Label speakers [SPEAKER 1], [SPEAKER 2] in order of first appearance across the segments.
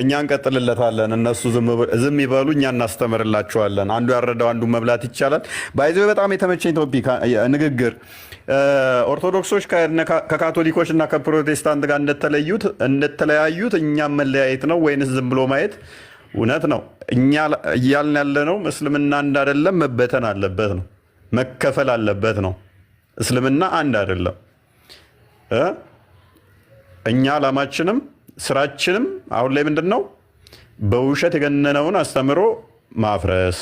[SPEAKER 1] እኛ እንቀጥልለታለን። እነሱ ዝም ይበሉ፣ እኛ እናስተምርላቸዋለን። አንዱ ያረዳው አንዱ መብላት ይቻላል። ባይዘ በጣም የተመቸኝ ቶፒክ ንግግር። ኦርቶዶክሶች ከካቶሊኮች እና ከፕሮቴስታንት ጋር እንደተለዩት እንደተለያዩት እኛም መለያየት ነው ወይንስ ዝም ብሎ ማየት? እውነት ነው እኛ እያልን ያለነው እስልምና አንድ አይደለም፣ መበተን አለበት ነው፣ መከፈል አለበት ነው። እስልምና አንድ አይደለም። እኛ አላማችንም ስራችንም አሁን ላይ ምንድን ነው? በውሸት የገነነውን አስተምሮ ማፍረስ፣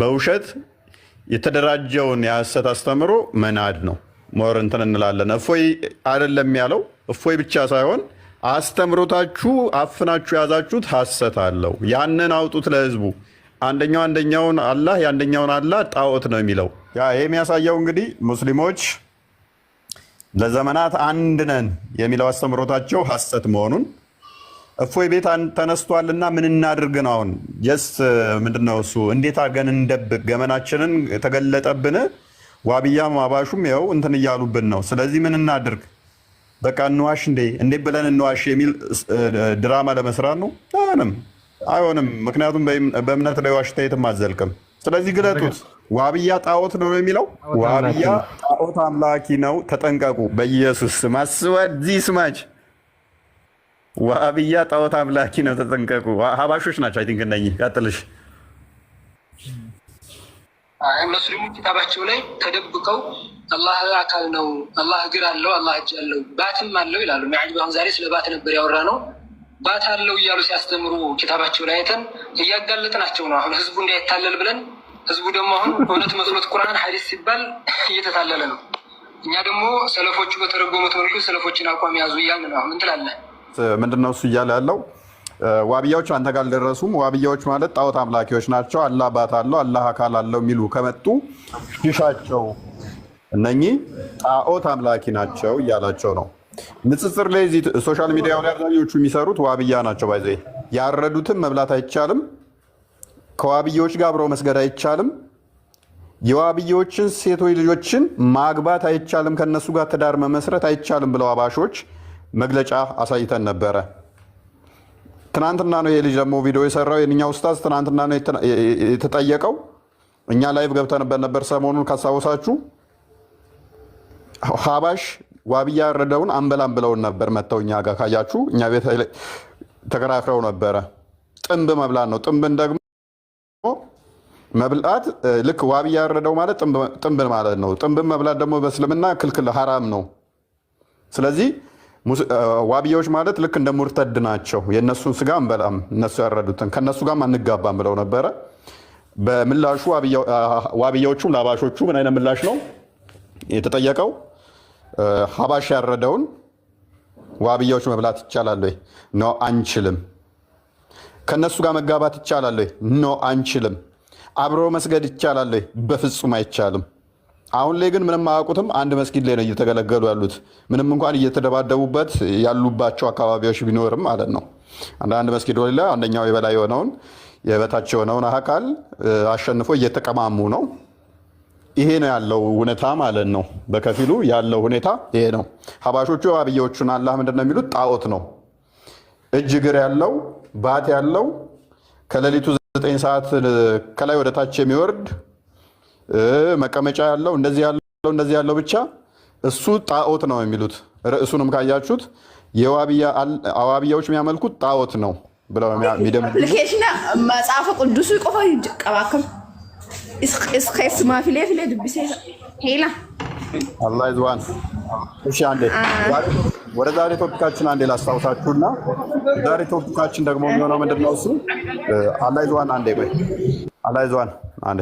[SPEAKER 1] በውሸት የተደራጀውን የሐሰት አስተምሮ መናድ ነው። ሞር እንትን እንላለን። እፎይ አይደለም ያለው እፎይ ብቻ ሳይሆን አስተምሮታችሁ አፍናችሁ የያዛችሁት ሐሰት አለው። ያንን አውጡት ለህዝቡ። አንደኛው አንደኛውን አላህ የአንደኛውን አላህ ጣዖት ነው የሚለው። ይሄ የሚያሳየው እንግዲህ ሙስሊሞች ለዘመናት አንድ ነን የሚለው አስተምሮታቸው ሐሰት መሆኑን እፎይ ቤት ተነስቷልና ምን እናድርግ ነው አሁን የስ ምንድነው እሱ እንዴት አገን እንደብቅ ገመናችንን ተገለጠብን ዋብያም አባሹም ያው እንትን እያሉብን ነው ስለዚህ ምን እናድርግ በቃ እንዋሽ እንዴ እንዴ ብለን እንዋሽ የሚል ድራማ ለመስራት ነው አይሆንም አይሆንም ምክንያቱም በእምነት ላይ ዋሽታ የትም አዘልቅም ስለዚህ ግለጡት። ዋብያ ጣዖት ነው የሚለው ዋብያ ጣዖት አምላኪ ነው፣ ተጠንቀቁ። በኢየሱስ ስም አስወዚህ ስማች ዋብያ ጣዖት አምላኪ ነው፣ ተጠንቀቁ። ሀባሾች ናቸው። አይ ቲንክ እነኚህ ቀጥልሽ።
[SPEAKER 2] እነሱ ደግሞ ኪታባቸው ላይ ተደብቀው አላህ አካል ነው፣ አላህ እግር አለው፣ አላህ እጅ አለው፣ ባትም አለው ይላሉ። ሚያጅባን ዛሬ ስለ ባት ነበር ያወራ ነው። ባት አለው እያሉ ሲያስተምሩ ኪታባቸው ላይ አይተን እያጋለጥናቸው ነው። አሁን ህዝቡ እንዳይታለል ብለን ህዝቡ ደግሞ አሁን እውነት መስሎት ቁርአን ሀዲስ ሲባል እየተታለለ ነው። እኛ ደግሞ ሰለፎቹ በተረጎሙት መልኩ ሰለፎችን አቋም ያዙ እያልን ነው። ምን ትላለህ?
[SPEAKER 1] ምንድን ነው እሱ እያለ ያለው? ዋብያዎች አንተ ጋር አልደረሱም። ዋብያዎች ማለት ጣዖት አምላኪዎች ናቸው። አላህ ባት አለው፣ አላህ አካል አለው የሚሉ ከመጡ ሽሻቸው። እነኚህ ጣዖት አምላኪ ናቸው እያላቸው ነው። ንጽጽር ላይ ሶሻል ሚዲያ ላይ አብዛኞቹ የሚሰሩት ዋብያ ናቸው። ባይዘ ያረዱትም መብላት አይቻልም ከዋብዮች ጋር አብሮ መስገድ አይቻልም። የዋብዮችን ሴቶች ልጆችን ማግባት አይቻልም፣ ከነሱ ጋር ትዳር መመስረት አይቻልም ብለው አባሾች መግለጫ አሳይተን ነበረ። ትናንትና ነው ይሄ ልጅ ደግሞ ቪዲዮ የሰራው የኛ ኡስታዝ ትናንትና ነው የተጠየቀው። እኛ ላይቭ ገብተንበት ነበር ሰሞኑን ካስታወሳችሁ። ሀባሽ ዋብያ ያረደውን አንበላም ብለውን ነበር መጥተው እኛ ጋር ካያችሁ፣ እኛ ቤት ተከራክረው ነበረ። ጥንብ መብላን ነው ጥንብን ደግሞ መብላት ልክ ዋብ እያረደው ማለት ጥንብ ማለት ነው። ጥንብ መብላት ደግሞ በእስልምና ክልክል ሀራም ነው። ስለዚህ ዋብያዎች ማለት ልክ እንደ ሙርተድ ናቸው። የእነሱን ስጋ አንበላም፣ እነሱ ያረዱትን ከእነሱ ጋር አንጋባም ብለው ነበረ። በምላሹ ዋብያዎቹ ላባሾቹ ምን አይነት ምላሽ ነው የተጠየቀው? ሀባሽ ያረደውን ዋብያዎች መብላት ይቻላል ወይ? ኖ አንችልም። ከእነሱ ጋር መጋባት ይቻላል ወይ? ኖ አንችልም። አብሮ መስገድ ይቻላል? በፍጹም አይቻልም። አሁን ላይ ግን ምንም አያውቁትም። አንድ መስጊድ ላይ ነው እየተገለገሉ ያሉት፣ ምንም እንኳን እየተደባደቡበት ያሉባቸው አካባቢዎች ቢኖርም ማለት ነው። አንዳንድ መስጊድ ወሌላ አንደኛው የበላይ የሆነውን የበታች የሆነውን አካል አሸንፎ እየተቀማሙ ነው። ይሄ ነው ያለው እውነታ ማለት ነው። በከፊሉ ያለው ሁኔታ ይሄ ነው። ሀባሾቹ አብዮቹን አላህ ምንድን ነው የሚሉት? ጣዖት ነው እጅ እግር ያለው ባት ያለው ከሌሊቱ ዘጠኝ ሰዓት ከላይ ወደ ታች የሚወርድ መቀመጫ ያለው እንደዚህ ያለው እንደዚህ ያለው ብቻ እሱ ጣዖት ነው የሚሉት። ርዕሱንም ካያችሁት የአዋብያዎች የሚያመልኩት ጣዖት ነው
[SPEAKER 3] ብለው የሚደምዱ መጽሐፍ ቅዱሱ ቆፈ ይቀባከም ስስ ማፊሌ ፊሌ ድብሴ
[SPEAKER 1] ሄላ አላ ይዝዋን እሺ አንዴ ወደ ዛሬ ቶፒካችን አንዴ ላስታውሳችሁና ዛሬ ቶፒካችን ደግሞ የሚሆነው ምንድን ነው? እሱ አላይዘዋን አንዴ ቆይ አላይዘዋን አንዴ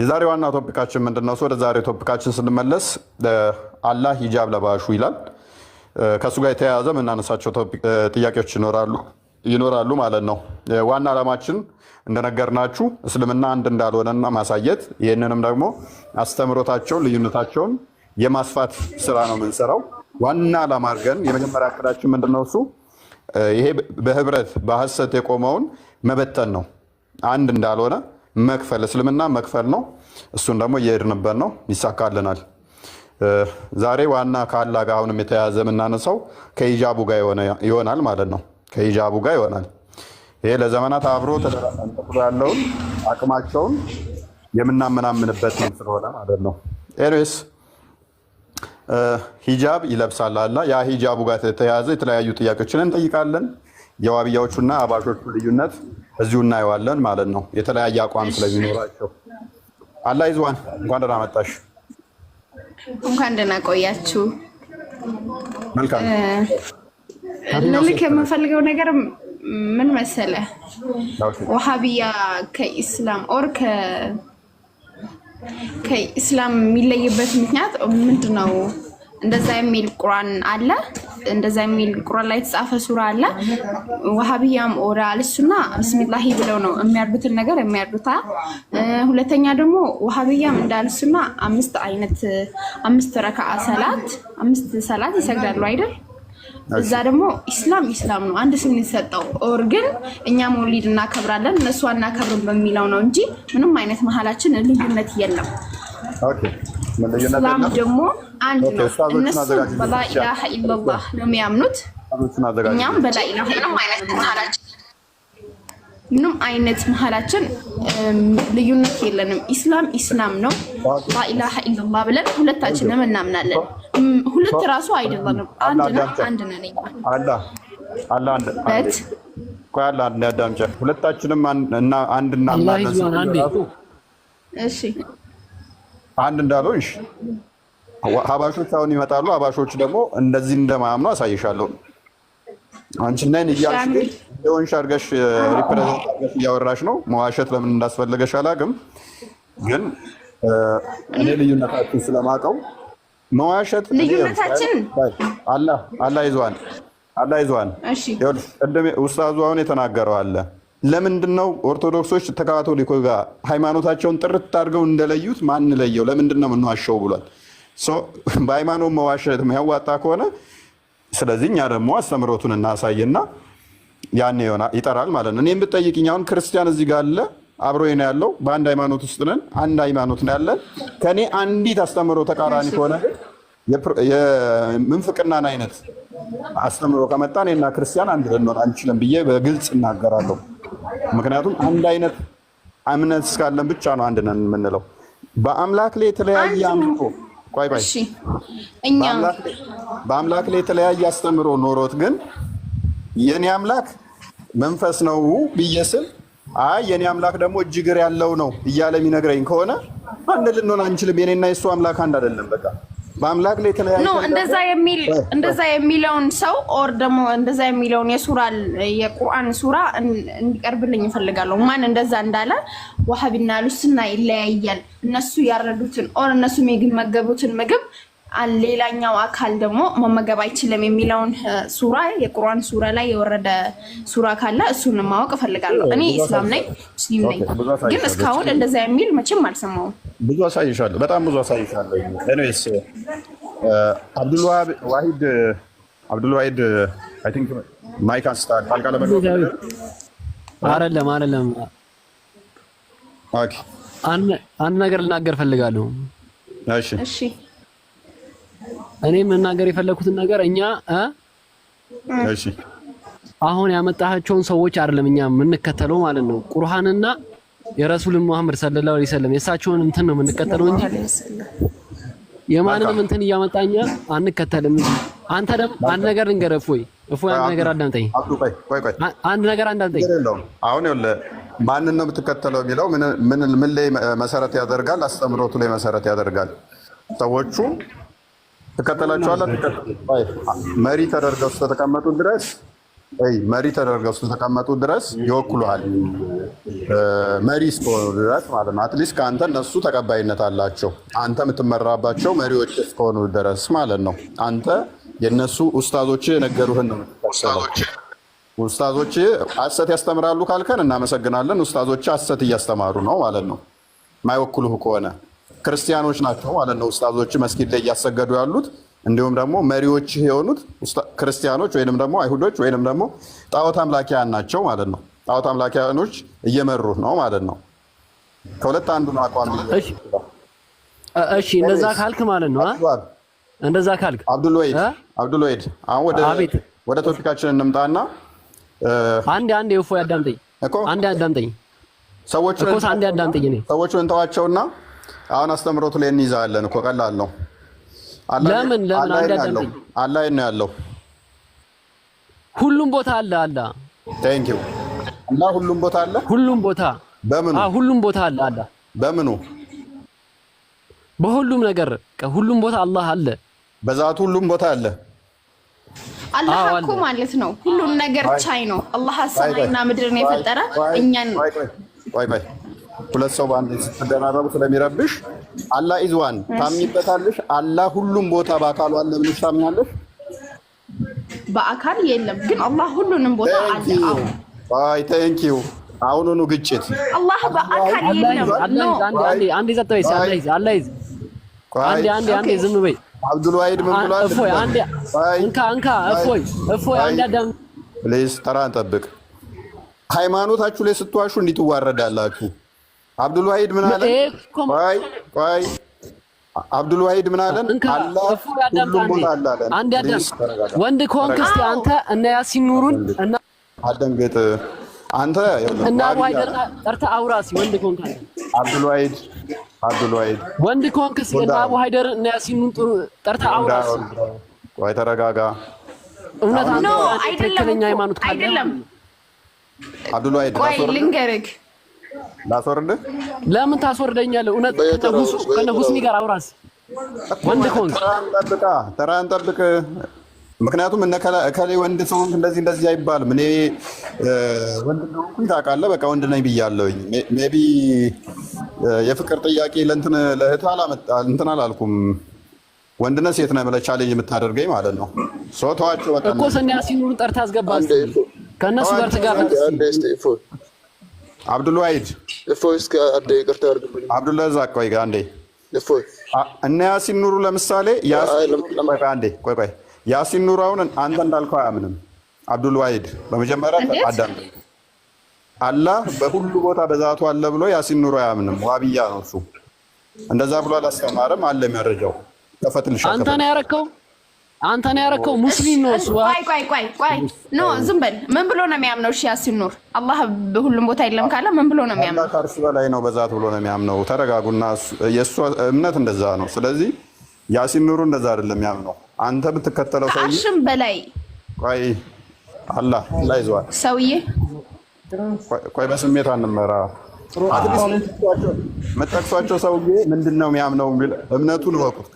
[SPEAKER 1] የዛሬ ዋና ቶፒካችን ምንድነው? እሱ ወደ ዛሬ ቶፒካችን ስንመለስ አላህ ሂጃብ ለባሹ ይላል። ከእሱ ጋር የተያያዘ የምናነሳቸው ጥያቄዎች ይኖራሉ ይኖራሉ ማለት ነው። ዋና ዓላማችን እንደነገርናችሁ እስልምና አንድ እንዳልሆነና ማሳየት ይህንንም ደግሞ አስተምሮታቸውን ልዩነታቸውን የማስፋት ስራ ነው የምንሰራው። ዋና ዓላማ አድርገን የመጀመሪያ እቅዳችን ምንድን ነው? እሱ ይሄ በህብረት በሀሰት የቆመውን መበተን ነው። አንድ እንዳልሆነ መክፈል፣ እስልምና መክፈል ነው። እሱን ደግሞ እየሄድንበት ነው፣ ይሳካልናል። ዛሬ ዋና ከአላ ጋር አሁንም የተያያዘ የምናነሳው ከሂጃቡ ጋር ይሆናል ማለት ነው። ከሂጃቡ ጋር ይሆናል። ይሄ ለዘመናት አብሮ ተጠቅሎ ያለውን አቅማቸውን የምናመናምንበትም ስለሆነ ማለት ነው ኤኒዌይስ ሂጃብ ይለብሳል አላ ያ ሂጃቡ ጋር የተያያዘ የተለያዩ ጥያቄዎችን እንጠይቃለን። የዋብያዎቹና አባሾቹ ልዩነት እዚሁ እናየዋለን ማለት ነው። የተለያየ አቋም ስለሚኖራቸው አላ ይዝዋን እንኳን ደህና መጣሽ።
[SPEAKER 3] እንኳን ደህና ቆያችሁ። መልካም ልልክ ነገር ምን መሰለ፣ ውሃብያ ከኢስላም ኦር ከኢስላም የሚለይበት ምክንያት ምንድን ነው? እንደዛ የሚል ቁርአን አለ። እንደዛ የሚል ቁርአን ላይ የተጻፈ ሱራ አለ። ወሃብያም ኦዳ አልሱና ብስሚላሂ ብለው ነው የሚያርዱትን ነገር የሚያርዱታ። ሁለተኛ ደግሞ ወሃብያም እንዳልሱና አምስት አይነት አምስት ረካዓ ሰላት አምስት ሰላት ይሰግዳሉ አይደል እዛ ደግሞ ኢስላም ኢስላም ነው፣ አንድ ስም የሚሰጠው። ኦር ግን እኛ መውሊድ እናከብራለን እነሱ አናከብርም በሚለው ነው እንጂ ምንም አይነት መሀላችን ልዩነት የለም። ኢስላም ደግሞ አንድ ነው። እነሱ በላኢላሃ ኢለላህ ነው የሚያምኑት፣ እኛም ምንም አይነት መሀላችን ምንም አይነት መሀላችን ልዩነት የለንም። ኢስላም ኢስላም ነው። ላኢላሀ ኢለላ ብለን ሁለታችንም እናምናለን። ሁለት ራሱ አይደለንም፣ አንድ ነን።
[SPEAKER 1] አንድ አዳምጫ ሁለታችንም አንድ እናምናለን። አንድ እንዳለው ሀባሾች አሁን ይመጣሉ። ሀባሾች ደግሞ እንደዚህ እንደማያምኑ አሳይሻለሁ። አንቺ እና እኔ እያልሽ ግን እንደሆንሽ አድርገሽ ሪፕሬዘንት አድርገሽ እያወራሽ ነው። መዋሸት ለምን እንዳስፈለገሽ አላውቅም፣ ግን እኔ ልዩነታችን ስለማውቀው መዋሸት
[SPEAKER 3] ልዩነታችን
[SPEAKER 1] አላ ይዟል፣ አላህ ይዟል። ቅድም ውስታዙ አሁን የተናገረው አለ። ለምንድን ነው ኦርቶዶክሶች ከካቶሊኮ ጋር ሃይማኖታቸውን ጥርት አድርገው እንደለዩት ማን ለየው? ለምንድን ነው የምንዋሸው ብሏል። በሃይማኖት መዋሸት የሚያዋጣ ከሆነ ስለዚህ እኛ ደግሞ አስተምሮቱን እናሳይና ያን ይጠራል ማለት ነው። እኔም ብጠይቅኝ አሁን ክርስቲያን እዚህ ጋር አለ አብሮ ነው ያለው። በአንድ ሃይማኖት ውስጥ ነን። አንድ ሃይማኖት ነው ያለን። ከኔ አንዲት አስተምሮ ተቃራኒ ከሆነ የምንፍቅናን አይነት አስተምሮ ከመጣ እኔና ክርስቲያን አንድ ልንሆን አንችልም ብዬ በግልጽ እናገራለሁ። ምክንያቱም አንድ አይነት እምነት እስካለን ብቻ ነው አንድ ነን የምንለው። በአምላክ ላይ የተለያየ አምልኮ ቆይ ባይ እኛ በአምላክ ላይ የተለያየ አስተምሮ ኖሮት ግን የኔ አምላክ መንፈስ ነው ብዬ ስል አይ የኔ አምላክ ደግሞ እጅ እግር ያለው ነው እያለ የሚነግረኝ ከሆነ አንድ ልንሆን አንችልም። የኔና የሱ አምላክ አንድ አይደለም። በቃ
[SPEAKER 3] በአምላክ ላይ ተለያዩ ነው እንደዛ የሚል እንደዛ የሚለውን ሰው ኦር ደግሞ እንደዛ የሚለውን የሱራ የቁርአን ሱራ እንዲቀርብልኝ እፈልጋለሁ። ማን እንደዛ እንዳለ ዋሃቢና ሉስና ይለያያል። እነሱ ያረዱትን ኦር እነሱ የሚመገቡትን ምግብ ሌላኛው አካል ደግሞ መመገብ አይችልም የሚለውን ሱራ የቁርአን ሱራ ላይ የወረደ ሱራ ካለ እሱን ማወቅ እፈልጋለሁ። እኔ ኢስላም ነኝ፣ ሙስሊም ነኝ፣ ግን እስካሁን እንደዛ የሚል መቼም አልሰማውም።
[SPEAKER 1] ብዙ አሳይሻለሁ፣ በጣም ብዙ አሳይሻለሁ። አብዱልዋሂድ አብዱልዋሂድ አይ ቲንክ ማይክ አንስታል። ጣልቃ ለመግባት
[SPEAKER 4] አይደለም አይደለም። ኦኬ አንድ ነገር ልናገር እፈልጋለሁ። እሺ እሺ እኔ መናገር የፈለኩትን ነገር እኛ እሺ አሁን ያመጣቸውን ሰዎች አይደለም እኛ የምንከተለው ማለት ነው። ቁርሃንና የረሱልን መሐመድ ሰለላሁ ዐለይሂ ወሰለም የእሳቸውን እንትን ነው የምንከተለው እንጂ የማንንም እንትን እያመጣኛ አንከተልም። አንተ ደግሞ አንድ ነገር እንገር እፎይ
[SPEAKER 1] እፎይ አንድ ነገር አዳምጠኝ፣
[SPEAKER 4] አንድ ነገር አዳምጠኝ።
[SPEAKER 1] አሁን ይኸውልህ ማንን ነው የምትከተለው የሚለው ምን ምን ላይ መሰረት ያደርጋል? አስተምሮቱ ላይ መሰረት ያደርጋል። ሰዎቹ ትከተላቸዋለህ። መሪ ተደርገው ስለተቀመጡ ድረስ መሪ ተደርገው ስለተቀመጡ ድረስ ይወክሉሃል። መሪ እስከሆኑ ድረስ ማለት ነው። አትሊስት ከአንተ እነሱ ተቀባይነት አላቸው። አንተ የምትመራባቸው መሪዎች እስከሆኑ ድረስ ማለት ነው። አንተ የእነሱ ውስታዞች የነገሩህን ነው። ውስታዞች ሐሰት ያስተምራሉ ካልከን እናመሰግናለን። ውስታዞች ሐሰት እያስተማሩ ነው ማለት ነው፣ ማይወክሉህ ከሆነ ክርስቲያኖች ናቸው ማለት ነው። ኡስታዞች መስጊድ ላይ እያሰገዱ ያሉት እንዲሁም ደግሞ መሪዎች የሆኑት ክርስቲያኖች ወይንም ደግሞ አይሁዶች ወይንም ደግሞ ጣዖት አምላኪያን ናቸው ማለት ነው። ጣዖት አምላኪያኖች እየመሩ ነው ማለት ነው። ከሁለት አንዱ ነው አቋም።
[SPEAKER 4] እሺ እንደዛ ካልክ ማለት ነው እንደዛ ካልክ
[SPEAKER 1] አብዱልወይድ አብዱልወይድ፣ አሁን ወደ ቶፒካችን እንምጣና
[SPEAKER 4] አንድ አንድ የፎ ያዳምጠኝ፣ አንድ ያዳምጠኝ፣
[SPEAKER 1] ሰዎቹ ሰዎቹ እንተዋቸውና አሁን አስተምሮት ላይ እንይዛለን እኮ ቀላል ነው።
[SPEAKER 4] ለምን ለምን አንዳንድ
[SPEAKER 1] አላህ ነው ያለው
[SPEAKER 4] ሁሉም ቦታ አለ አለ
[SPEAKER 1] ቴንክ ዩ እና ሁሉም ቦታ አለ ሁሉም ቦታ በምኑ
[SPEAKER 4] ሁሉም ቦታ አለ አለ በምኑ በሁሉም ነገር ሁሉም ቦታ አላህ አለ
[SPEAKER 1] በዛቱ ሁሉም ቦታ አለ
[SPEAKER 3] አላህ እኮ ማለት ነው ሁሉም ነገር ቻይ ነው አላህ ሰማይና ምድርን የፈጠረ እኛን
[SPEAKER 1] ሁለት ሰው በአንድ ስትደራረቡ ስለሚረብሽ አላህ ኢዝዋን ዋን ታምኝበታለሽ። አላህ ሁሉም ቦታ በአካሉ አለ ብለሽ ታምኛለሽ?
[SPEAKER 3] በአካል የለም ግን አላህ ሁሉንም ቦታ
[SPEAKER 1] አለ። አይ ቴንክ ዩ አሁኑኑ ግጭት
[SPEAKER 3] አላህ በአካል
[SPEAKER 4] የለም። አንዴ ጸጥ በይ። አላህ ይዝ አንዴ አንዴ አንዴ ዝም በይ።
[SPEAKER 1] አብዱል ዋሂድ ምን
[SPEAKER 4] ብሏል? እፎይ አንዴ እንካ እንካ እፎይ እፎይ አንዴ አዳም
[SPEAKER 1] ፕሊዝ ተራን ጠብቅ። ሃይማኖታችሁ ላይ ስትዋሹ እንዲትዋረዳላችሁ አብዱል ዋሂድ ምን አለ? ቆይ ቆይ አብዱል ዋሂድ
[SPEAKER 4] ምን አለን? አላህ ሁሉም ሞት አለ አንድ ያደም ወንድ ከሆንክ እስቲ አንተ እና ያሲን ኑሩን
[SPEAKER 1] እና አደንግጥ
[SPEAKER 4] አንተ እና ዋይደር ጠርታ አውራ እስኪ ወንድ ከሆንክ አለ
[SPEAKER 1] አብዱል ዋሂድ አብዱል ዋሂድ
[SPEAKER 4] ወንድ ከሆንክ እስኪ እና ዋይደር እና ያሲን ኑሩን ጠርታ አውራ እስኪ።
[SPEAKER 1] ቆይ ተረጋጋ።
[SPEAKER 3] እውነት አይደለም? ትክክለኛ ሃይማኖት ካለ አይደለም አብዱል ዋሂድ ቆይ ልንገርህ
[SPEAKER 1] ላስወርድ?
[SPEAKER 4] ለምን ታስወርደኛለህ? እውነት ከነ ሁስኒ ጋር አውራስ ወንድ ከሆንክ
[SPEAKER 1] ጠብቃ ተራህን ጠብቅ። ምክንያቱም እነ ከሌ ወንድ ሰሆንክ እንደዚህ እንደዚህ አይባልም። እኔ ወንድ እንደሆንኩኝ ታውቃለህ። በቃ ወንድ ነኝ ብያለሁኝ። ሜቢ የፍቅር ጥያቄ ለእንትን ለእህት እንትን አላልኩም። ወንድነህ ሴት ነህ ብለህ ቻሌንጅ የምታደርገኝ ማለት ነው።
[SPEAKER 4] ሶ ተዋቸው በቃ እኮ ሰኒያ ሲኑሩ ጠርታ አስገባ ከእነሱ ጋር ትጋር
[SPEAKER 1] አብዱል ዋሂድ እፎይ፣ እስከ አንዴ ይቅርታ አድርግልኝ። አብዱልረዛቅ ቆይ አንዴ እፎይ፣ እነ ያሲን ኑሩ ለምሳሌ አንዴ ቆይ ቆይ፣ ያሲን ኑሩ አሁን አንተ እንዳልከው አያምንም። አብዱል ዋሂድ በመጀመሪያ አዳም አላህ በሁሉ ቦታ በዛቱ አለ ብሎ ያሲን ኑሩ አያምንም። ዋብያ ነው እሱ፣ እንደዛ ብሎ አላስተማረም አለ የሚያረጃው።
[SPEAKER 4] ተፈትልሻ አንተ ነው ያረከው አንተ ነው ያረከው ሙስሊም ነው እሱ።
[SPEAKER 3] ቆይ ቆይ ቆይ ቆይ ኖ ዝም በል። ምን ብሎ ነው የሚያምነው? እሺ ያሲን ኑር አላህ በሁሉም ቦታ የለም ካለ ምን ብሎ ነው የሚያምነው?
[SPEAKER 1] ከእርሱ በላይ ነው በዛት ብሎ ነው የሚያምነው። ተረጋጉና፣ የእሱ እምነት እንደዛ ነው። ስለዚህ ያሲን ኑሩ እንደዛ አይደለም የሚያምነው። አንተ ብትከተለው
[SPEAKER 3] ሰውዬ አሽም በላይ
[SPEAKER 1] ቆይ አላህ ላይ ይዟል ሰውዬ። ቆይ በስሜት አንመራ መጠቅሷቸው ሰውዬ ምንድን ነው የሚያምነው? እምነቱን እወቁት።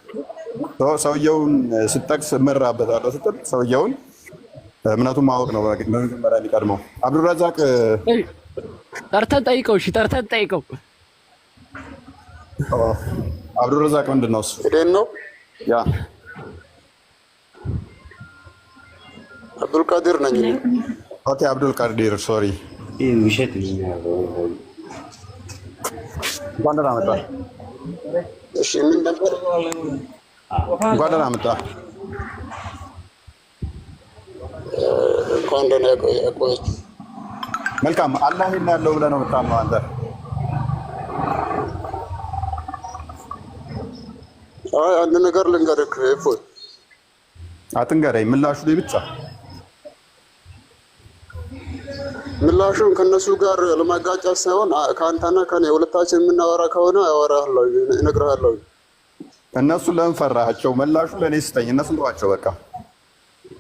[SPEAKER 1] ሰውየውን ስጠቅስ እመራበታለሁ ስትል ሰውየውን እምነቱን ማወቅ ነው በመጀመሪያ የሚቀድመው። አብዱራዛቅ
[SPEAKER 4] ጠርተን ጠይቀው። እሺ ጠርተን ጠይቀው።
[SPEAKER 1] አብዱረዛቅ ምንድን ነው እሱ? ኢዴን ነው ያ
[SPEAKER 5] አብዱልቃዲር ነኝ።
[SPEAKER 1] ኦኬ አብዱልቃዲር ሶሪ ውሸት እንኳን ደህና መጣህ። እሺ ምን ነበር እንኳን ደህና መጣ።
[SPEAKER 5] እንኳን ደህና ቆየች።
[SPEAKER 1] መልካም አላህ ያለው ብለህ ነው የምታምነው አንተ?
[SPEAKER 5] አይ አንድ ነገር ልንገርህ። እፎይ
[SPEAKER 1] አትንገረኝ፣ ምላሹ ላይ ብቻ
[SPEAKER 5] ምላሹን ከነሱ ጋር ለማጋጫት ሳይሆን ከአንተና ከኔ ሁለታችን የምናወራ ከሆነ አወራለሁ፣ እነግርሃለሁ
[SPEAKER 1] እነሱ ለምን ፈራሃቸው? መላሹ ለእኔ ስጠኝ። እነሱ ተዋቸው በቃ።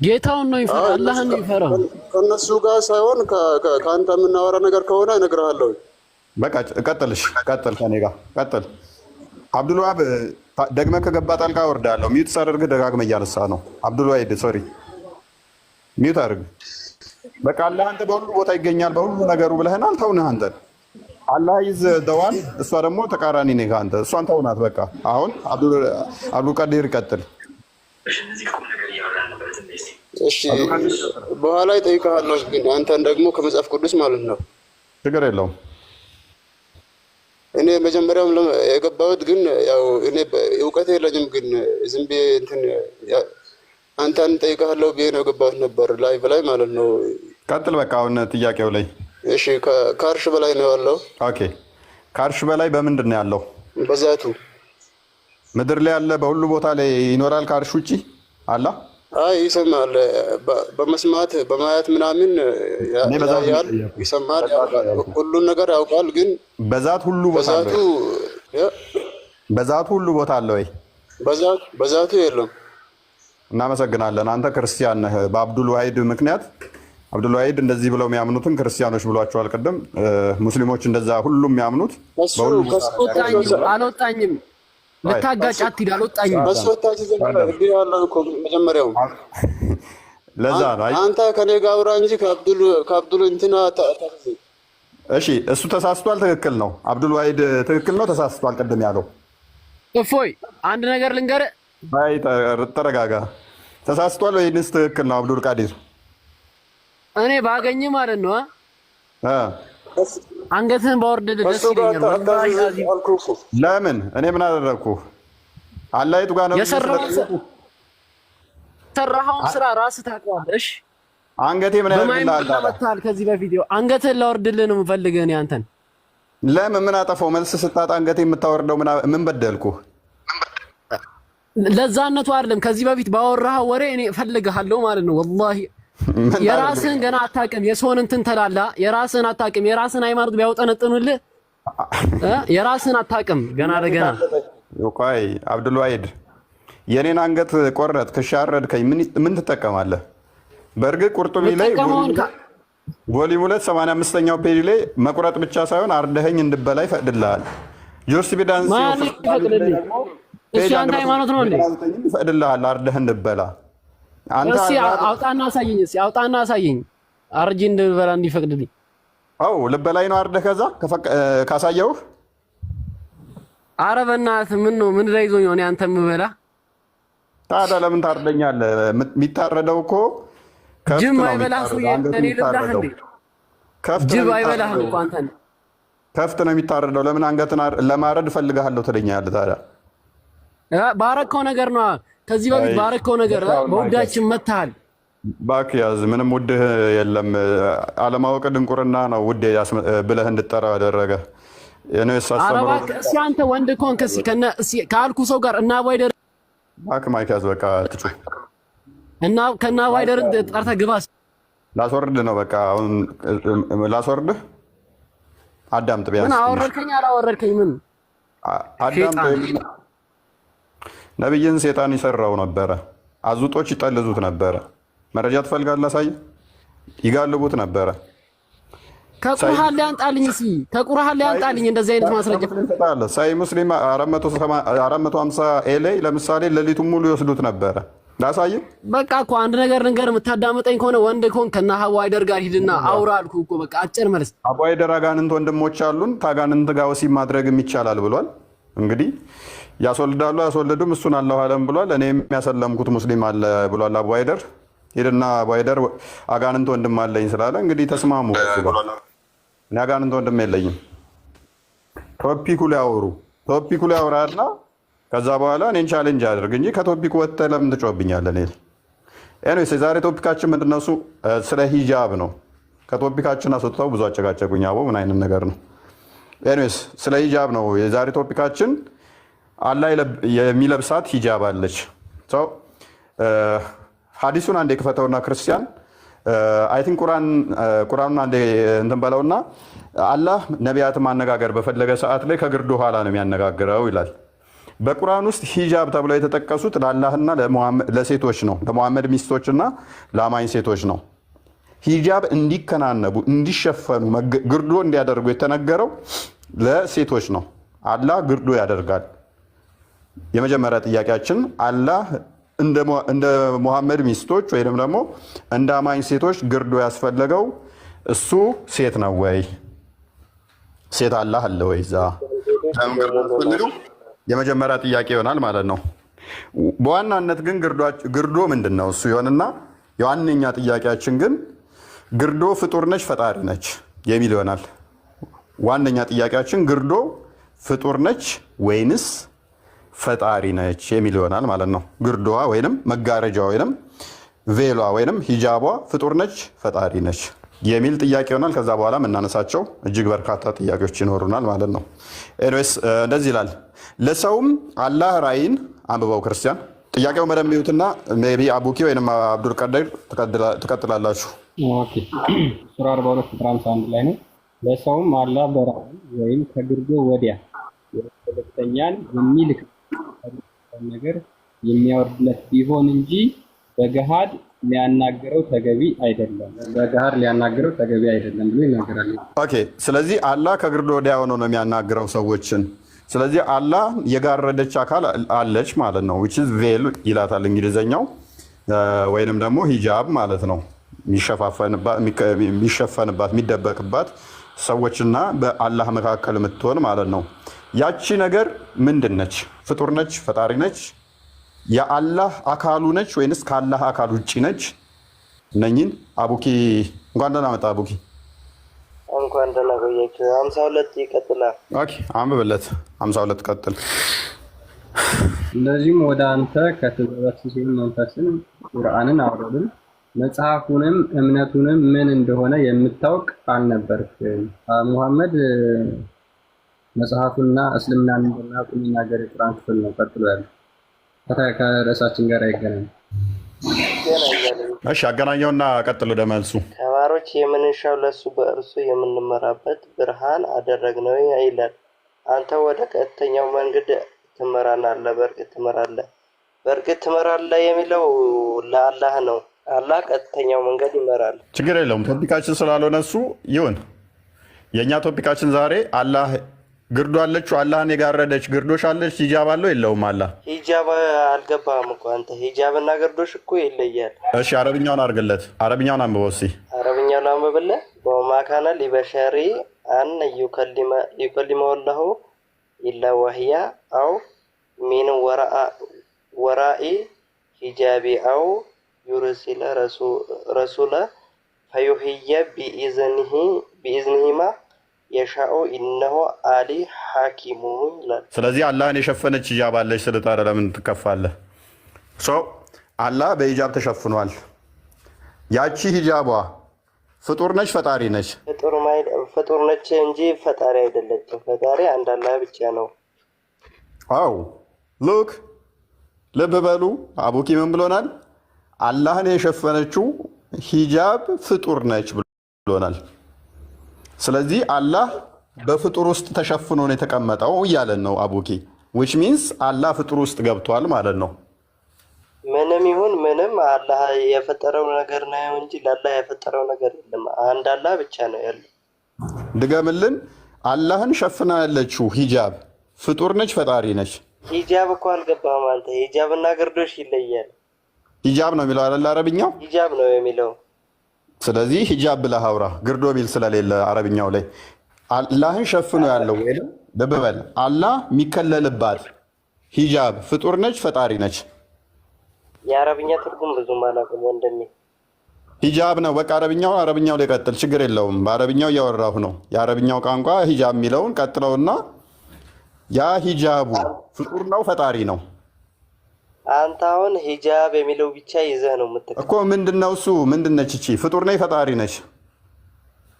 [SPEAKER 4] ጌታውን ነው ይፈራ፣ አላህን ነው ይፈራ።
[SPEAKER 5] ከእነሱ ጋር ሳይሆን ከአንተ የምናወራ ነገር ከሆነ እነግርሃለሁ።
[SPEAKER 1] በቃ ቀጥልሽ፣ ቀጥል፣ ከኔ ጋር ቀጥል። አብዱልዋብ ደግመ ከገባ ጣልቃ ወርዳለሁ። ሚዩት ሳደርግ ደጋግመ እያነሳ ነው። አብዱልዋይድ ሶሪ፣ ሚዩት አድርግ። በቃ አላህ አንተ በሁሉ ቦታ ይገኛል በሁሉ ነገሩ ብለህናል። ተውንህ አንተን አላህ ይዝ ደዋን እሷ ደግሞ ተቃራኒ ነ ከአንተ እሷን ተውናት በቃ አሁን አብዱልቃዲር ቀጥል
[SPEAKER 5] እሺ በኋላ ይጠይቀሃለሁ ግን አንተን ደግሞ ከመጽሐፍ ቅዱስ ማለት ነው ችግር የለውም እኔ መጀመሪያም የገባሁት ግን ያው እኔ እውቀት የለኝም ግን ዝም ብዬ እንትን አንተን ጠይቀሃለሁ ብዬ ነው የገባሁት ነበር ላይ በላይ ማለት ነው
[SPEAKER 1] ቀጥል በቃ አሁን ጥያቄው ላይ
[SPEAKER 5] እሺ ከአርሽ በላይ ነው ያለው።
[SPEAKER 1] ኦኬ ከአርሽ በላይ በምንድን ነው ያለው? በዛቱ ምድር ላይ ያለ በሁሉ ቦታ ላይ ይኖራል። ከአርሽ ውጭ አላ
[SPEAKER 5] አይ ይሰማል። በመስማት በማየት ምናምን
[SPEAKER 1] ያያል፣ ይሰማል፣ ሁሉን ነገር ያውቃል። ግን በዛት ሁሉ ቦታ በዛቱ ሁሉ ቦታ አለ ወይ?
[SPEAKER 5] በዛቱ የለም።
[SPEAKER 1] እናመሰግናለን። አንተ ክርስቲያን ነህ። በአብዱል ዋሂድ ምክንያት አብዱልዋሂድ እንደዚህ ብለው የሚያምኑትን ክርስቲያኖች ብሏቸዋል። ቅድም ሙስሊሞች እንደዛ ሁሉም የሚያምኑት
[SPEAKER 4] አልወጣኝም፣ ልታጋጭ አትሂድ፣ አልወጣኝም።
[SPEAKER 1] ለዛ ነው
[SPEAKER 5] አንተ ከኔ ጋር አውራ እንጂ ከአብዱል እንትና
[SPEAKER 1] እሺ፣ እሱ ተሳስቷል። ትክክል ነው። አብዱልዋሂድ ትክክል ነው፣ ተሳስቷል። ቅድም ያለው
[SPEAKER 4] እፎይ፣ አንድ ነገር ልንገርህ።
[SPEAKER 1] ተረጋጋ። ተሳስቷል ወይንስ ትክክል ነው አብዱል ቃዲር?
[SPEAKER 4] እኔ ባገኘ ማለት ነው አንገትህን ባወርድህ
[SPEAKER 5] ደስ
[SPEAKER 1] ይለኛል። ለምን እኔ ምን አደረግኩ? አላየቱ ጋር ነው
[SPEAKER 4] የሰራኸውን ስራ ራስ ታውቀዋለህ። እሺ አንገቴ ምን ያደርግልሃል? ከዚህ በፊት አንገትህን ላወርድልህ ነው የምፈልግህ። ያንተን
[SPEAKER 1] ለምን ምን አጠፋው? መልስ ስታጣ አንገቴ የምታወርደው ምን በደልኩ?
[SPEAKER 4] ለዛነቱ አይደለም። ከዚህ በፊት ባወራኸው ወሬ እኔ እፈልግሃለሁ ማለት ነው ወላሂ የራስህን ገና አታውቅም። የሰውን እንትን ተላላ የራስህን አታውቅም። የራስህን ሃይማኖት ቢያውጠነጥኑልህ የራስህን አታውቅም። ገና ለገና
[SPEAKER 1] ቆይ አብዱልዋሂድ የኔን አንገት ቆረጥ ከሻረድ ክሻረድከኝ ምን ትጠቀማለህ? በእርግጥ ቁርጡሚ ላይ ቮሊም ሁለት ሰማንያ አምስተኛው ፔጅ ላይ መቁረጥ ብቻ ሳይሆን አርደኸኝ እንድበላ ይፈቅድልሃል። ጆርስ ቢዳንስ እሺ ነው ይፈቅድልሃል፣ አርደህ እንድበላ
[SPEAKER 4] አውጣና አሳየኝ። እስኪ አውጣና አሳየኝ። አርጂ እንድበላ እንዲፈቅድልኝ።
[SPEAKER 1] አዎ ልበላይ ነው አርደ ከዛ ካሳየውህ።
[SPEAKER 4] አረ በእናትህ ምን ነው ምን ይዞኝ ነው አንተ የምበላ?
[SPEAKER 1] ታዲያ ለምን ታርደኛለህ? የሚታረደው እኮ
[SPEAKER 4] ጅብ አይበላህ። ጅብ አይበላህ እኮ አንተን
[SPEAKER 1] ከፍት ነው የሚታረደው። ለምን አንገትን ለማረድ እፈልግሃለሁ ትለኛለህ?
[SPEAKER 4] ታዲያ ባረከው ነገር ነው ከዚህ በፊት ባረከው ነገር በውዳችን መታል
[SPEAKER 1] ባክ ያዝ። ምንም ውድህ የለም። አለማወቅ ድንቁርና ነው ውድ ብለህ እንድጠራ ያደረገ።
[SPEAKER 4] እስኪ አንተ ወንድ ኮንክ ከአልኩ ሰው ጋር እና ቫይደር
[SPEAKER 1] ባክ ማይክ ያዝ። በቃ ትጩ
[SPEAKER 4] እና ከና ቫይደር ጠርተህ ግባ።
[SPEAKER 1] ላስወርድ ነው በቃ አሁን ላስወርድህ። አዳምጥ ቢያንስ
[SPEAKER 4] ምን አወረድከኝ አላወረድከኝ ምን
[SPEAKER 1] አዳምጥ ነቢይን ሴጣን ይሰራው ነበረ። አዙጦች ይጠልዙት ነበረ። መረጃ ትፈልጋለህ? ሳይ ይጋልቡት ነበረ።
[SPEAKER 4] ከቁርአን ላይ አንጣልኝ እስኪ ከቁርአን ላይ አንጣልኝ። እንደዚህ አይነት
[SPEAKER 1] ማስረጃ ሳይ ሙስሊም 450 ኤ ላይ ለምሳሌ ሌሊቱን ሙሉ ይወስዱት ነበረ። ላሳይ
[SPEAKER 4] በቃ እኮ አንድ ነገር ንገር። የምታዳምጠኝ ከሆነ ወንድ ከሆንክ ከና ሀዋይደር ጋር ሂድና አውራ አልኩህ እኮ። በቃ አጭር መልስ።
[SPEAKER 1] አቡ አጋንንት ወንድሞች አሉን፣ ታጋንንት ጋር ወሲብ ማድረግም ይቻላል ብሏል። እንግዲህ ያስወልዳሉ አያስወልዱም፣ እሱን አላሁ አለም ብሏል። እኔ የሚያሰለምኩት ሙስሊም አለ ብሏል። አቡ አይደር ሂድና አቡ አጋንንት ወንድም አለኝ ስላለ እንግዲህ ተስማሙ። እኔ አጋንንት ወንድም የለኝም። ቶፒኩ ሊያወሩ ቶፒኩ ሊያወራና ከዛ በኋላ እኔን ቻሌንጅ አድርግ እንጂ ከቶፒኩ ወጥተህ ለምን ትጮብኛለህ? ኤኒዌይስ የዛሬ ቶፒካችን ምንድን ነው? እሱ ስለ ሂጃብ ነው። ከቶፒካችን አስወጥተው ብዙ አጨቃጨቁኝ። አቦ ምን አይነት ነገር ነው? ኤኒዌይስ ስለ ሂጃብ ነው የዛሬ ቶፒካችን። አላ የሚለብሳት ሂጃብ አለች። ሀዲሱን አንዴ ክፈተውና ክርስቲያን አይ ቲንክ ቁርአኑን አንዴ እንትን በለውና አላህ ነቢያት ማነጋገር በፈለገ ሰዓት ላይ ከግርዱ ኋላ ነው የሚያነጋግረው ይላል። በቁርአን ውስጥ ሂጃብ ተብለው የተጠቀሱት ለአላህና ለሴቶች ነው፣ ለሙሐመድ ሚስቶችና ለአማኝ ሴቶች ነው። ሂጃብ እንዲከናነቡ እንዲሸፈኑ ግርዶ እንዲያደርጉ የተነገረው ለሴቶች ነው። አላህ ግርዶ ያደርጋል። የመጀመሪያ ጥያቄያችን አላህ እንደ ሙሐመድ ሚስቶች ወይም ደግሞ እንደ አማኝ ሴቶች ግርዶ ያስፈለገው እሱ ሴት ነው ወይ? ሴት አላህ አለ ወይ? እዛ የመጀመሪያ ጥያቄ ይሆናል ማለት ነው። በዋናነት ግን ግርዶ ምንድን ነው እሱ ይሆንና የዋነኛ ጥያቄያችን ግን ግርዶ ፍጡር ነች ፈጣሪ ነች የሚል ይሆናል። ዋነኛ ጥያቄያችን ግርዶ ፍጡር ነች ወይንስ ፈጣሪ ነች የሚል ይሆናል ማለት ነው። ግርዶዋ ወይንም መጋረጃ ወይንም ቬሏ ወይንም ሂጃቧ ፍጡር ነች፣ ፈጣሪ ነች የሚል ጥያቄ ይሆናል። ከዛ በኋላ የምናነሳቸው እጅግ በርካታ ጥያቄዎች ይኖሩናል ማለት ነው። ኤንዌስ እንደዚህ ይላል። ለሰውም አላህ ራይን አንብበው ክርስቲያን ጥያቄው መደም ይሁትና ሜቢ አቡኪ ወይም አብዱል ቀደር ትቀጥላላችሁ።
[SPEAKER 6] ሱራ 42 ቁጥር 51 ላይ ነው። ለሰውም አላህ በራእይ ወይም ከግርዶ ወዲያ መልእክተኛን የሚልክ ነገር የሚያወርድለት ቢሆን እንጂ በገሃድ ሊያናገረው ተገቢ አይደለም። በገሃድ ሊያናገረው ተገቢ አይደለም ብሎ ይናገራል።
[SPEAKER 1] ኦኬ። ስለዚህ አላህ ከግርድ ወዲያ ሆኖ ነው የሚያናግረው ሰዎችን። ስለዚህ አላህ የጋረደች አካል አለች ማለት ነው። ዊች ቬል ይላታል እንግሊዘኛው፣ ወይንም ደግሞ ሂጃብ ማለት ነው። የሚሸፈንባት የሚደበቅባት ሰዎችና በአላህ መካከል የምትሆን ማለት ነው። ያቺ ነገር ምንድን ነች? ፍጡር ነች? ፈጣሪ ነች? የአላህ አካሉ ነች ወይንስ ከአላህ አካል ውጭ ነች? እነኝን አቡኪ እንኳን ደህና መጣ አቡኪ።
[SPEAKER 6] እንኳን ደህና ሁለት ይቀጥላል።
[SPEAKER 1] አንብብለት። ሁለት ቀጥል።
[SPEAKER 6] እንደዚሁም ወደ አንተ ከትእዛዛት ሲሆን መንፈስን ቁርአንን አውረድን መጽሐፉንም እምነቱንም ምን እንደሆነ የምታውቅ አልነበርክም ሙሐመድ መጽሐፉና እስልምናን እንደማያውቅ የሚናገር የቁርአን ክፍል ነው። ቀጥሎ ያለው ከርዕሳችን ጋር አይገናኝ።
[SPEAKER 7] እሺ አገናኘውና ቀጥሎ ደመልሱ ተማሪዎች የምንሻው ለእሱ በእርሱ የምንመራበት ብርሃን አደረግነው ይላል። አንተ ወደ ቀጥተኛው መንገድ ትመራናለህ፣ በእርግጥ ትመራለህ። በእርግጥ ትመራለህ የሚለው ለአላህ ነው። አላህ ቀጥተኛው መንገድ ይመራል።
[SPEAKER 1] ችግር የለውም። ቶፒካችን ስላልሆነ እሱ ይሁን። የእኛ ቶፒካችን ዛሬ አላህ ግርዶ አለችው አላህን የጋረደች ግርዶሽ አለች። ሂጃብ አለው የለውም? አላ
[SPEAKER 7] ሂጃብ አልገባህም እኮ አንተ። ሂጃብ እና ግርዶሽ እኮ ይለያል።
[SPEAKER 1] እሺ አረብኛውን አድርግለት። አረብኛውን አንብበው እስኪ።
[SPEAKER 7] አረብኛውን አንብብለህ ወማካነ ሊበሸሪ አን ዩከሊመወላሁ ኢላ ወህያ አው ሚን ወራኢ ሂጃቢ አው ዩርሲለ ረሱለ ፈዩህየ ቢኢዝኒሂማ የሻኦ ኢነሆ አሊ ሐኪሙ ይላል።
[SPEAKER 1] ስለዚህ አላህን የሸፈነች ሂጃብ አለች። ስልታ ለምን ትከፋለህ? አላህ በሂጃብ ተሸፍኗል። ያቺ ሂጃቧ ፍጡር ነች ፈጣሪ ነች?
[SPEAKER 7] ፍጡር ነች እንጂ ፈጣሪ አይደለችም። ፈጣሪ አንድ አላህ ብቻ ነው።
[SPEAKER 1] አው ሉክ ልብ በሉ። አቡኪ ምን ብሎናል? አላህን የሸፈነችው ሂጃብ ፍጡር ነች ብሎናል። ስለዚህ አላህ በፍጡር ውስጥ ተሸፍኖ ነው የተቀመጠው እያለን ነው አቡኪ። ዊች ሚንስ አላህ ፍጡር ውስጥ ገብቷል ማለት ነው።
[SPEAKER 7] ምንም ይሁን ምንም አላህ የፈጠረው ነገር ነው እንጂ ለአላህ የፈጠረው ነገር የለም። አንድ አላህ ብቻ ነው ያለው።
[SPEAKER 1] ድገምልን። አላህን ሸፍና ያለችው ሂጃብ ፍጡር ነች ፈጣሪ ነች?
[SPEAKER 7] ሂጃብ እኮ አልገባህም አንተ። ሂጃብና ግርዶሽ ይለያል።
[SPEAKER 1] ሂጃብ ነው የሚለው አይደል? አረብኛው
[SPEAKER 7] ሂጃብ ነው የሚለው
[SPEAKER 1] ስለዚህ ሂጃብ ብለህ አውራ ግርዶ ሚል ስለሌለ አረብኛው ላይ አላህን ሸፍኖ ያለው ወይም ልብ በል አላህ የሚከለልባት ሂጃብ ፍጡር ነች ፈጣሪ ነች?
[SPEAKER 7] የአረብኛ ትርጉም ብዙ አላውቅም
[SPEAKER 1] ወንድሜ። ሂጃብ ነው በቃ አረብኛው አረብኛው ላይ ቀጥል፣ ችግር የለውም። በአረብኛው እያወራሁ ነው። የአረብኛው ቋንቋ ሂጃብ የሚለውን ቀጥለውና ያ ሂጃቡ ፍጡር ነው ፈጣሪ ነው
[SPEAKER 7] አንተ አሁን ሂጃብ የሚለው ብቻ ይዘህ ነው የምትቀ
[SPEAKER 1] እኮ ምንድን ነው እሱ? ምንድን ነች እቺ? ፍጡር ነች ፈጣሪ ነች?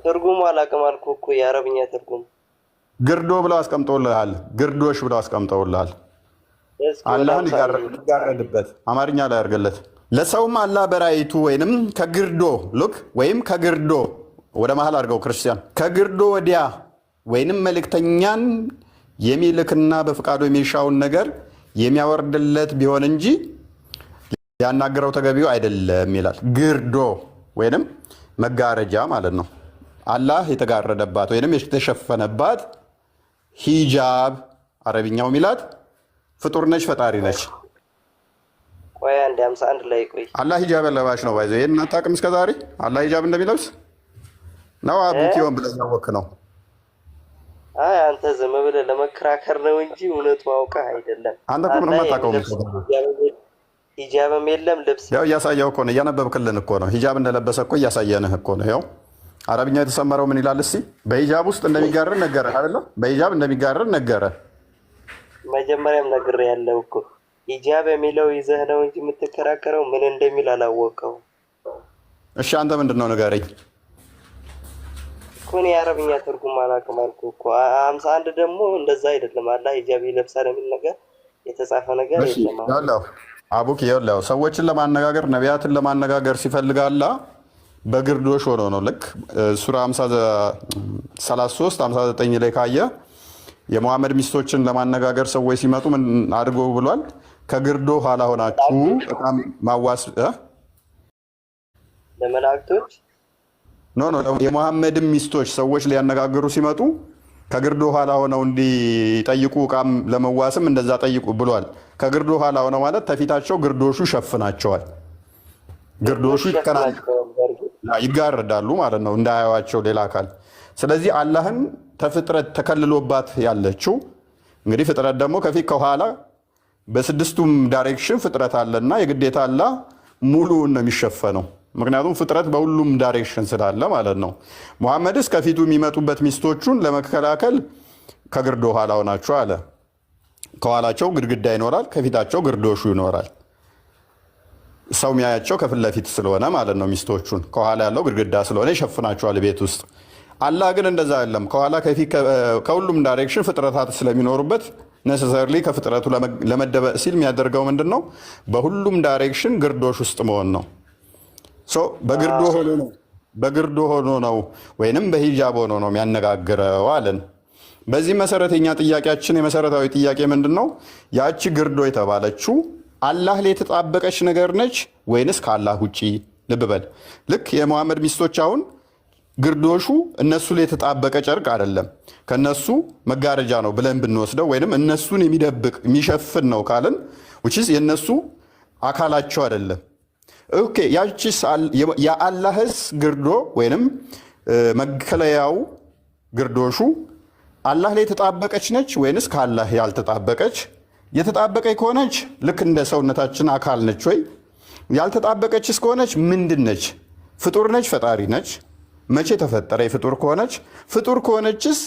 [SPEAKER 7] ትርጉሙ አላውቅም አልኩ እኮ የአረብኛ ትርጉም።
[SPEAKER 1] ግርዶ ብለው አስቀምጠውልሃል። ግርዶሽ ብለው አስቀምጠውልሃል። አላህን ይጋረድበት አማርኛ ላይ አድርገለት። ለሰውም አላህ በራይቱ ወይንም ከግርዶ ሉክ ወይም ከግርዶ ወደ መሀል አድርገው ክርስቲያን ከግርዶ ወዲያ ወይንም መልእክተኛን የሚልክና በፍቃዱ የሚሻውን ነገር የሚያወርድለት ቢሆን እንጂ ያናገረው ተገቢው አይደለም ይላል። ግርዶ ወይንም መጋረጃ ማለት ነው። አላህ የተጋረደባት ወይንም የተሸፈነባት ሂጃብ አረብኛው ሚላት ፍጡር ነች፣ ፈጣሪ ነች። አላህ ሂጃብ ያለባሽ ነው። ይዘ ይህን አታውቅም እስከዛሬ አላህ ሂጃብ እንደሚለብስ ነው። አብቲዮን ብለህ ያወክ ነው
[SPEAKER 7] አይ አንተ ዝም ብለህ ለመከራከር ነው እንጂ እውነቱ አውቀህ አይደለም።
[SPEAKER 1] አንተ እኮ ምንም አታውቀውም።
[SPEAKER 7] ሂጃብም የለም ልብስ
[SPEAKER 1] ያው እያሳየው እኮ ነው፣ እያነበብክልን እኮ ነው። ሂጃብ እንደለበሰ እኮ እያሳየንህ እኮ ነው። ያው አረብኛው የተሰመረው ምን ይላል? እስኪ በሂጃብ ውስጥ እንደሚጋርር ነገረ አለ። በሂጃብ እንደሚጋርር ነገረ።
[SPEAKER 7] መጀመሪያም ያለው እኮ ሂጃብ የሚለው ይዘህ ነው እንጂ የምትከራከረው ምን እንደሚል አላወቀው።
[SPEAKER 1] እሺ አንተ ምንድን ነው ንገረኝ።
[SPEAKER 7] እኔ የአረብኛ ትርጉም አላውቅም አልኩህ እኮ። ሀምሳ አንድ ደግሞ እንደዛ አይደለም አላህ ሂጃብ ይለብሳል የሚል ነገር የተጻፈ ነገር
[SPEAKER 1] አቡክ የለው። ሰዎችን ለማነጋገር ነቢያትን ለማነጋገር ሲፈልጋላ በግርዶሽ ሆኖ ነው። ልክ ሱራ 33 59 ላይ ካየ የመሐመድ ሚስቶችን ለማነጋገር ሰዎች ሲመጡ ምን አድርጎ ብሏል? ከግርዶ ኋላ ሆናችሁ በጣም ማዋስ
[SPEAKER 7] ለመላእክቶች
[SPEAKER 1] ኖ ኖ የመሐመድም ሚስቶች ሰዎች ሊያነጋግሩ ሲመጡ ከግርዶ ኋላ ሆነው እንዲጠይቁ ዕቃም ለመዋስም እንደዛ ጠይቁ ብሏል። ከግርዶ ኋላ ሆነው ማለት ተፊታቸው ግርዶሹ ሸፍናቸዋል። ግርዶሹ ይጋርዳሉ ማለት ነው፣ እንዳያዩዋቸው ሌላ አካል። ስለዚህ አላህን ተፍጥረት ተከልሎባት ያለችው እንግዲህ ፍጥረት ደግሞ ከፊት ከኋላ በስድስቱም ዳይሬክሽን ፍጥረት አለና የግዴታ አላህ ሙሉውን ነው የሚሸፈነው። ምክንያቱም ፍጥረት በሁሉም ዳይሬክሽን ስላለ ማለት ነው። ሙሐመድስ ከፊቱ የሚመጡበት ሚስቶቹን ለመከላከል ከግርዶ ኋላ ናቸው አለ። ከኋላቸው ግድግዳ ይኖራል፣ ከፊታቸው ግርዶሹ ይኖራል። ሰው ሚያያቸው ከፊት ለፊት ስለሆነ ማለት ነው። ሚስቶቹን ከኋላ ያለው ግድግዳ ስለሆነ ይሸፍናቸዋል ቤት ውስጥ። አላህ ግን እንደዛ አይደለም። ከኋላ ከፊት፣ ከሁሉም ዳይሬክሽን ፍጥረታት ስለሚኖሩበት ነሰሰርሊ ከፍጥረቱ ለመደበቅ ሲል የሚያደርገው ምንድን ነው? በሁሉም ዳይሬክሽን ግርዶሽ ውስጥ መሆን ነው። በግርዶ ሆኖ ነው በግርዶ ሆኖ ነው ወይንም በሂጃብ ሆኖ ነው የሚያነጋግረው አለን። በዚህ መሰረተኛ ጥያቄያችን የመሰረታዊ ጥያቄ ምንድን ነው? ያቺ ግርዶ የተባለችው አላህ ላይ የተጣበቀች ነገር ነች ወይንስ ከአላህ ውጪ? ልብ በል። ልክ የመሐመድ ሚስቶች አሁን ግርዶሹ እነሱ ላይ የተጣበቀ ጨርቅ አይደለም፣ ከነሱ መጋረጃ ነው ብለን ብንወስደው ወይንም እነሱን የሚደብቅ የሚሸፍን ነው ካልን ውችስ የእነሱ አካላቸው አይደለም ኦኬ ያቺስ የአላህስ ግርዶ ወይንም መከለያው ግርዶሹ አላህ ላይ የተጣበቀች ነች ወይንስ ከአላህ ያልተጣበቀች? የተጣበቀች ከሆነች ልክ እንደ ሰውነታችን አካል ነች ወይ? ያልተጣበቀችስ ከሆነች ምንድን ነች? ፍጡር ነች? ፈጣሪ ነች? መቼ ተፈጠረ? የፍጡር ከሆነች ፍጡር ከሆነችስ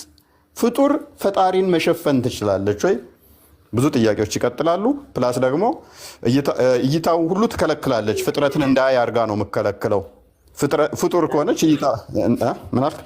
[SPEAKER 1] ፍጡር ፈጣሪን መሸፈን ትችላለች ወይ? ብዙ ጥያቄዎች ይቀጥላሉ። ፕላስ ደግሞ እይታው ሁሉ ትከለክላለች። ፍጥረትን ያርጋ ነው የምከለክለው። ፍጡር ከሆነች እይታ ምናልክ